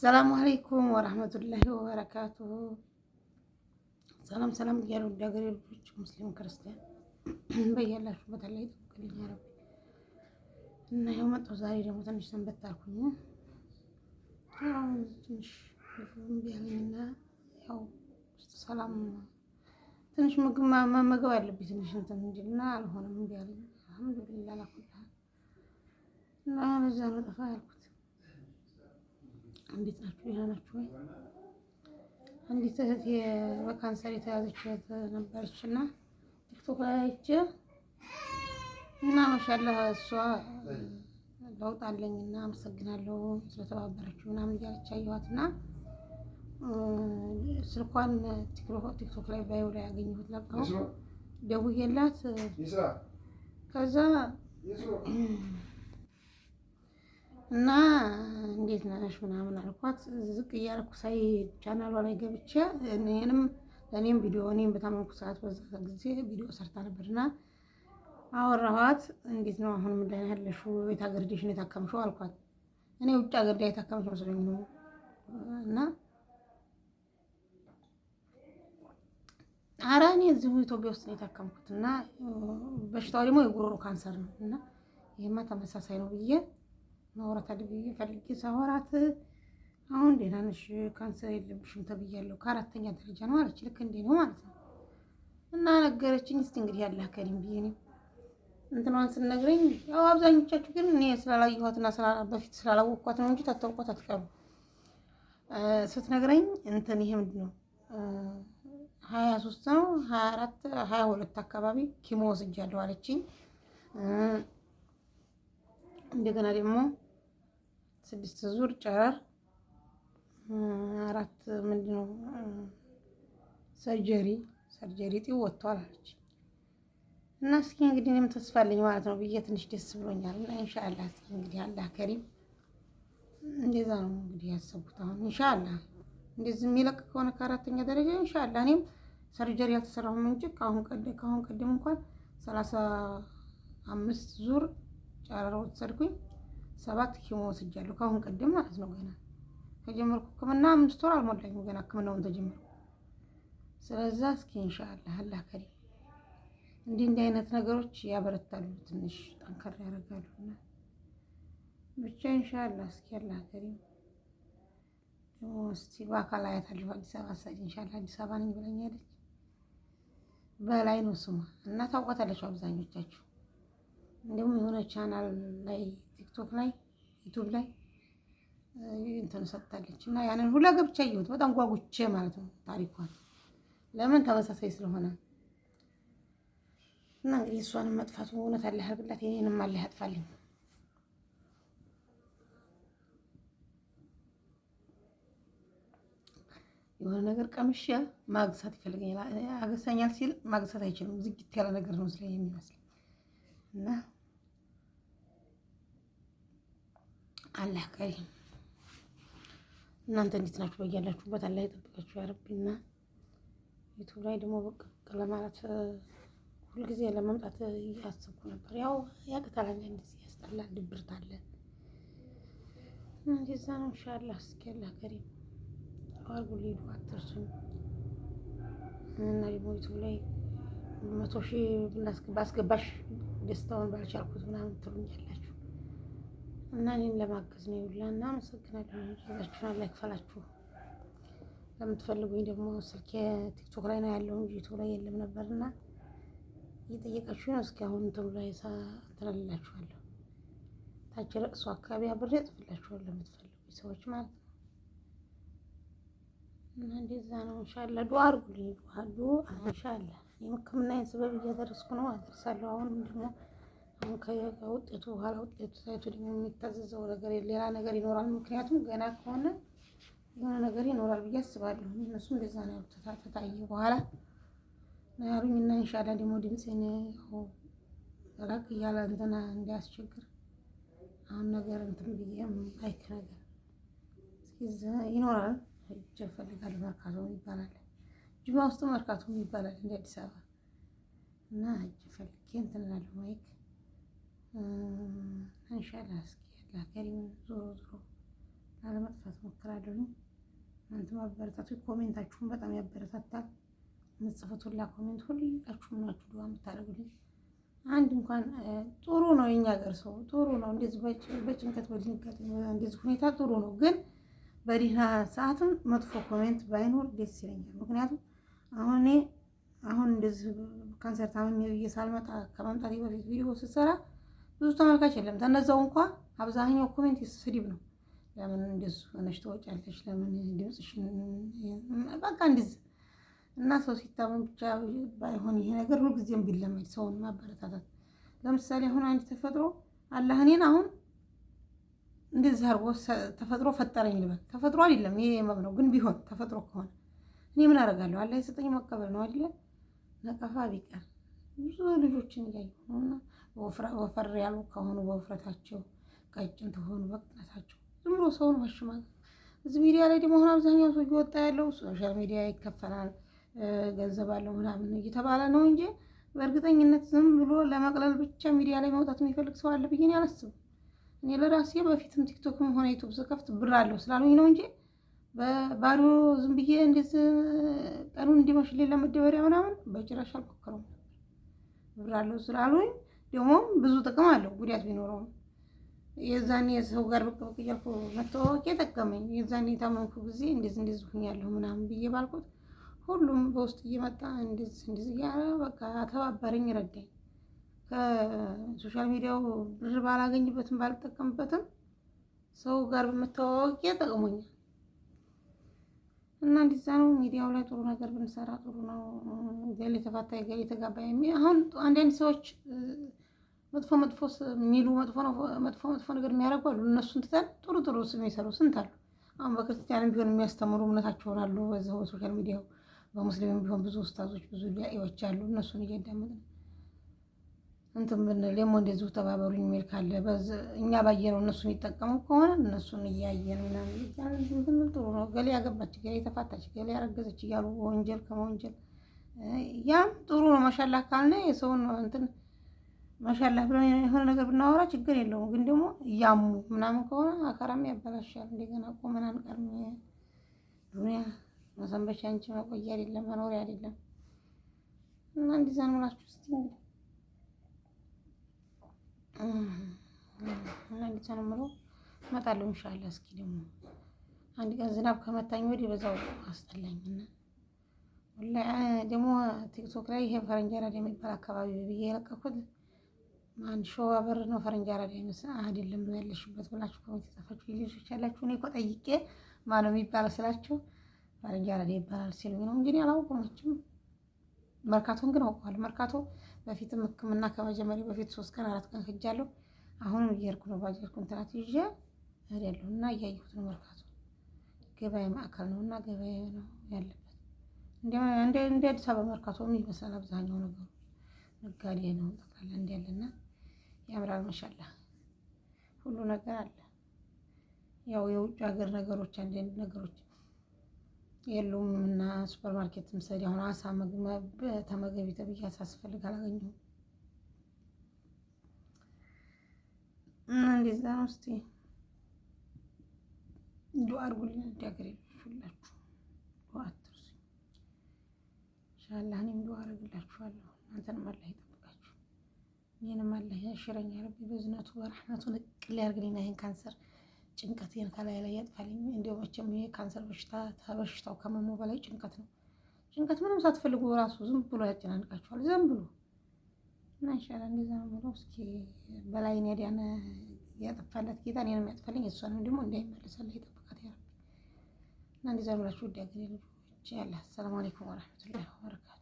ሰላሙ አለይኩም ወረህመቱላሂ ወበረካቱሁ። ሰላም ሰላም እያሉ ዳገሬ ልጆች ሙስሊም ክርስቲያን በያላችሁበት ላይ ጠብቅልኝ ያረብ እና ይኸው መጣሁ። ዛሬ ደግሞ ትንሽ ሰንበት አልኩኝ። ትንሽ ቢያለኝና ምግብ መመገብ አለብኝ ትንሽ እንትን እንዲልና አልሆነም ቢያለኝ አልሐምዱሊላህ ላኩልሃል እና ለዛ ነው ጠፋ ያልኩት እንዴት ናችሁ? ደህና ናችሁ ወይ? አንዲት እህት በካንሰር የተያዘች እህት ነበረች እና ቲክቶክ ላይ አይቼ እና ማሻአላህ እሷ ለውጥ አለኝ እና አመሰግናለሁ ስለተባበረችው ምናምን እያለች አየኋት እና ስልኳን ቲክቶክ ላይ ባዩ ላይ ያገኘሁት ለቀው ደውዬላት ከዛ እና እንዴት ነሽ ምናምን አልኳት። ዝቅ እያልኩ ሳይ ቻናሏ ላይ ገብቼ እኔንም እኔም ቪዲዮ እኔም በታመምኩ ሰዓት በዛ ጊዜ ቪዲዮ ሰርታ ነበርና አወራኋት። እንዴት ነው አሁን ምንድን ያለሽ የት ሀገር ሄደሽ ነው የታከምሽው አልኳት። እኔ ውጭ ሀገር ሄዳ የታከምሽ መስሎኝ ነው እና ኧረ እኔ እዚሁ ኢትዮጵያ ውስጥ ነው የታከምኩት እና በሽታው ደግሞ የጉሮሮ ካንሰር ነው እና ይህማ ተመሳሳይ ነው ብዬ ማውራት አድርጌ ፈልጌ ሳወራት አሁን ደህና ነሽ ካንሰር የለብሽም ተብያለሁ ከአራተኛ ደረጃ ነው አለች። ልክ እንዴ ነው ማለት ነው እና ነገረችኝ። እስቲ እንግዲህ ያለ ከሪም ብዬ እኔ እንትኗን ስነግረኝ ያው አብዛኞቻችሁ ግን እኔ ስላላየኋትና በፊት ስላላወቅኳት ነው እንጂ ታታውቋት አትቀሩ ስትነግረኝ እንትን ይህ ምንድን ነው ሀያ ሶስት ነው ሀያ አራት ሀያ ሁለት አካባቢ ኪሞ ወስጃለሁ አለችኝ። እንደገና ደግሞ ስድስት ዙር ጨረር አራት ምንድነው ሰርጀሪ ሰርጀሪ ጢው ወጥቷል አለች እና እስኪ እንግዲህ እኔም ተስፋ አለኝ ማለት ነው ብዬ ትንሽ ደስ ብሎኛል። እና እንሻላ እስኪ እንግዲህ አላ ከሪም እንደዛ ነው እንግዲህ ያሰቡት። አሁን እንሻላ እንደዚህ የሚለቅ ከሆነ ከአራተኛ ደረጃ እንሻላ እኔም ሰርጀሪ ያልተሰራሁም እንጂ ከአሁን ቀደም ከአሁን ቀደም እንኳን ሰላሳ አምስት ዙር ጨረር ወሰድኩኝ። ሰባት ኪሞ ወስጃለሁ ከአሁን ቀደም ማለት ነው። ገና ከጀመርኩ ህክምና አምስት ወር አልሞላኝም ገና ሕክምናውን ተጀመርኩ። ስለዛ እስኪ እንሻላህ አላህ ከሪ እንዲህ እንዲህ አይነት ነገሮች ያበረታሉ፣ ትንሽ ጠንከር ያደርጋሉና ብቻ ኢንሻአላህ እስኪ አላህ ከሪ ደግሞ እስቲ በአካል አያታለሁ። አዲስ አበባ ሳይ ኢንሻአላህ አዲስ አበባ ነኝ ብለኛለች። በላይ ነው ስሟ እና ታውቋታለች አብዛኞቻችሁ። እንዲሁም የሆነ ቻናል ላይ ቲክቶክ ላይ ዩቱብ ላይ እንትን ሰጥታለች እና ያንን ሁላ ገብቻ እየሁት በጣም ጓጉቼ ማለት ነው ታሪኳን ለምን ተመሳሳይ ስለሆነ እና እንግዲህ እሷንም መጥፋቱ እውነት አለ ያርግላት፣ የኔንም አለ ያጥፋልኝ። የሆነ ነገር ቀምሼ ማግሳት ይፈልገኛል። አገሳኛል ሲል ማግሳት አይችልም። ዝግት ያለ ነገር ነው ስለሚመስለኝ እና አላህ ከሪም። እናንተ እንዴት ናችሁ? በያላችሁበት አላህ የጠበቃችሁ ያረቢና ዩቱብ ላይ ደግሞ በቃ ለማለት ሁልጊዜ ለመምጣት እያሰብኩ ነበር። ያው ያቅታል፣ አንዳንድ ጊዜ ያስጠላል፣ ድብርት አለ እንደዛ ነው። ኢንሻአላህ እስኪ አላህ ከሪም አርጉልኝ፣ አትርሱኝ እና ደግሞ ዩቱብ ላይ መቶ ሺህ ባስገባሽ ደስታውን ባልቻልኩት ምናምን ትሉኛላችሁ እና እኔም ለማገዝ ነው ይውላ እና አመሰግናለሁ። ይዛችሁን ያክፈላችሁ። ለምትፈልጉኝ ደግሞ ስልኬ ቲክቶክ ላይ ነው ያለው እንጂ ዩቱብ ላይ የለም ነበር እና እየጠየቃችሁ ነው። እስኪ አሁን እንትኑ ላይ ሳ እንትንላችኋለሁ። ታች ለቅሶ አካባቢ አብሬ እጽፍላችኋለሁ ለምትፈልጉ ሰዎች ማለት ነው። እና እንደዛ ነው። እንሻላ ዱአ አድርጉልኝ። ዱአ ዱአ እንሻላ እኔም ሕክምናዬን ስበብ እያደረስኩ ነው፣ አደርሳለሁ። አሁንም ደግሞ ከውጤቱ በኋላ ውጤቱ ሳይቱ ደግሞ የሚታዘዘው ነገር ሌላ ነገር ይኖራል። ምክንያቱም ገና ከሆነ የሆነ ነገር ይኖራል ብዬ አስባለሁ። እነሱም እንደዛ ነው ያሉት። ተታየ በኋላ ነው ያሉኝ እና እንሻላ ደግሞ ድምፅን ራቅ እያለ እንትና እንዲያስቸግር አሁን ነገር እንትን ብዬ አይክ ነገር ይኖራል ሄጄ እፈልጋለሁ። መርካቶ ይባላል፣ ጅማ ውስጥ መርካቶ ይባላል እንደ አዲስ አበባ እና ሄጄ ፈልጌ እንትን እላለሁ ማይክ እንሻላ እስኪ አላህ ዞሮ ዞሮ ላለመጥፋት ሞክራለሁ። እናንተም አበረታቱ። ኮሜንታችሁን በጣም ያበረታታል። የምትጽፉት ላ ኮሜንት ሁላችሁም ናችሁ ዱዓ የምታደርጉልኝ። አንድ እንኳን ጥሩ ነው የኛ ሀገር ሰው ጥሩ ነው። እንደዚህ በጭንቀት በድንጋጤ እንደዚህ ሁኔታ ጥሩ ነው፣ ግን በዲና ሰዓትም መጥፎ ኮሜንት ባይኖር ደስ ይለኛል። ምክንያቱም አሁን እኔ አሁን እንደዚህ ካንሰር ታምሜ ብዬ ሳልመጣ ከመምጣቴ በፊት ቪዲዮ ስትሰራ ብዙ ተመልካች የለም። ተነዛው እንኳ አብዛኛው ኮሜንት ስድብ ነው። ለምን እንደሱ ሆነሽ ተወጫለሽ? ለምን ድምፅሽን በቃ እንዲዝ እና ሰው ሲታመን ብቻ ባይሆን ይሄ ነገር ሁልጊዜም ቢለመድ ሰውን ማበረታታት። ለምሳሌ አሁን አንድ ተፈጥሮ አላህ እኔን አሁን እንደዚህ አድርጎ ተፈጥሮ ፈጠረኝ ልበል። ተፈጥሮ አይደለም ይሄ መብ ነው፣ ግን ቢሆን ተፈጥሮ ከሆነ እኔ ምን አደርጋለሁ? አላህ የሰጠኝ መቀበል ነው አይደለ? ነቀፋ ቢቀር ብዙ ልጆችን እያየሁ ነው ወፈር ያሉ ከሆኑ በውፍረታቸው ቀጭን ከሆኑ በቅጥነታቸው ዝም ብሎ ሰውን ማሸማገል። እዚህ ሚዲያ ላይ ደግሞ አሁን አብዛኛው ሰው እየወጣ ያለው ሶሻል ሚዲያ ይከፈላል፣ ገንዘብ አለው ምናምን እየተባለ ነው እንጂ በእርግጠኝነት ዝም ብሎ ለመቅለል ብቻ ሚዲያ ላይ መውጣት የሚፈልግ ሰው አለ ብዬ አላስብም። እኔ ለራሴ በፊትም ቲክቶክም ሆነ ዩቱብ ስከፍት ብር አለው ስላሉኝ ነው እንጂ በባዶ ዝም ብዬ እንዴት ቀኑን እንዲመሽልኝ ለመደበሪያ ምናምን በጭራሽ አልሞከረውም። ብር አለው ስላሉኝ ደግሞ ብዙ ጥቅም አለው ጉዳት ቢኖረውም የዛኔ ሰው ጋር ብቅ ብቅ እያልኩ መተዋወቂያ ጠቀመኝ። የዛኔ የታመምኩ ጊዜ እንደዚህ እንደዚህ ሁኛለሁ ምናምን ብዬ ባልኩት ሁሉም በውስጥ እየመጣ እንደዚህ እንደዚህ እያለ በቃ አተባበረኝ፣ ረዳኝ። ከሶሻል ሚዲያው ብር ባላገኝበትም ባልጠቀምበትም ሰው ጋር በመተዋወቂያ ጠቅሞኛል። እና እንዲዛ ነው። ሚዲያው ላይ ጥሩ ነገር ብንሰራ ጥሩ ነው። ገል የተፋታ ተፋታ፣ የተጋባ የሚ አሁን አንዳንድ ሰዎች መጥፎ መጥፎ የሚሉ መጥፎ መጥፎ ነገር የሚያደርጉ አሉ። እነሱን ትተን ጥሩ ጥሩ የሚሰሩ ስንት አሉ። አሁን በክርስቲያንም ቢሆን የሚያስተምሩ እምነታቸውን አሉ በዛው በሶሻል ሚዲያው፣ በሙስሊምም ቢሆን ብዙ ውስታዞች ብዙ ዳኢዎች አሉ። እነሱን እያዳመጥን እንትን ብንል ደግሞ እንደዚሁ ተባበሩ የሚል ካለ እኛ ባየነው እነሱ የሚጠቀሙ ከሆነ እነሱን እያየን ምናምን ብንል ጥሩ ነው። ገሌ ያገባች፣ ገሌ የተፋታች፣ ገሌ ያረገዘች እያሉ ወንጀል ከመወንጀል ያም ጥሩ ነው። ማሻላህ ካልነ የሰውን እንትን ማሻላህ ብለን የሆነ ነገር ብናወራ ችግር የለውም። ግን ደግሞ እያሙ ምናምን ከሆነ አካራም ያበላሻል። እንደገና ቆመን አንቀርም። ዱኒያ መሰንበቻ እንጂ መቆያ አይደለም መኖሪያ አይደለም እና እንዲዛን ሙላችሁ ስ እና እንዴት ነው የምለው እመጣለሁ እንሻላ። እስኪ ደግሞ አንድ ቀን ዝናብ ከመታኝ ወዲህ በዛው አስጠላኝ ደግሞ ቲክቶክ ላይ ይሄ ፈረንጅ አራዳ የሚባል አካባቢ ብዬ የለቀኩት አንድ ሸዋ በር ነው። ፈረንጅ አራዳ አይደለም ያለሽበት ብላችሁ ኮሜንት የጻፋችሁ ልጆች ያላችሁ እኔ እኮ ጠይቄ ማነው የሚባል ስላችሁ ፈረንጅ አራዳ ይባላል ሲሉኝ ነው እንጂ እኔ አላውቀውም። መርካቶን ግን አውቀዋለሁ። መርካቶ በፊትም ህክምና ከመጀመሪያ በፊት ሶስት ቀን አራት ቀን ሄጃለሁ። አሁን እየሄድኩ ነው። ባጃጅ ኮንትራት ይዤ እሄዳለሁ እና እያየሁት ነው። መርካቶ ገበያ ማዕከል ነው እና ገበያ ነው ያለበት። እንደ አዲስ አበባ መርካቶ ምን ይመስላል? አብዛኛው ነገሩ ነጋዴ ነው ጠቅላላ ያለና ያምራል። መሻላ ሁሉ ነገር አለ። ያው የውጭ ሀገር ነገሮች አንዳንድ ነገሮች የሉም እና ሱፐር ማርኬት ምሳሌ አሁን አሳ ተመገቢ ተብዬ አሳ ስፈልግ አላገኘሁም። እንደዛ ነው። እስቲ ዱአ አድርጉልኝ እንዲያገር ሁላችሁ ዱአ አትርሱ። ኢንሻአላህ እኔም ዱአ አደርግላችኋለሁ። እናንተንም አላህ ይጠብቃችሁ፣ እኔንም አላህ ያሽረኝ። ረቢ በዝነቱ በረህመቱ ንቅል ያርግልኝ ይህን ካንሰር ጭንቀቴን ከላይ ላይ ያጥፋልኝ። እንዲያው መቼም ይሄ ካንሰር በሽታ ከበሽታው ከመሞ በላይ ጭንቀት ነው። ጭንቀት ምንም ሳትፈልጉ ራሱ ዝም ብሎ ያጨናንቃችኋል። ዝም ብሎ እና ይሻላል እንደዛ ነው ብሎ እስኪ በላይ ያዳነ ያጠፋለት ጌታ እኔንም ያጥፋልኝ፣ እሷንም ደግሞ እንዳይመልሰልኝ ይጠብቃት ያለ እና እንደዛ ብላችሁ ወዳገኝ ልጆች ያለ። አሰላሙ አለይኩም ወረሕመቱላሂ ወበረካቱ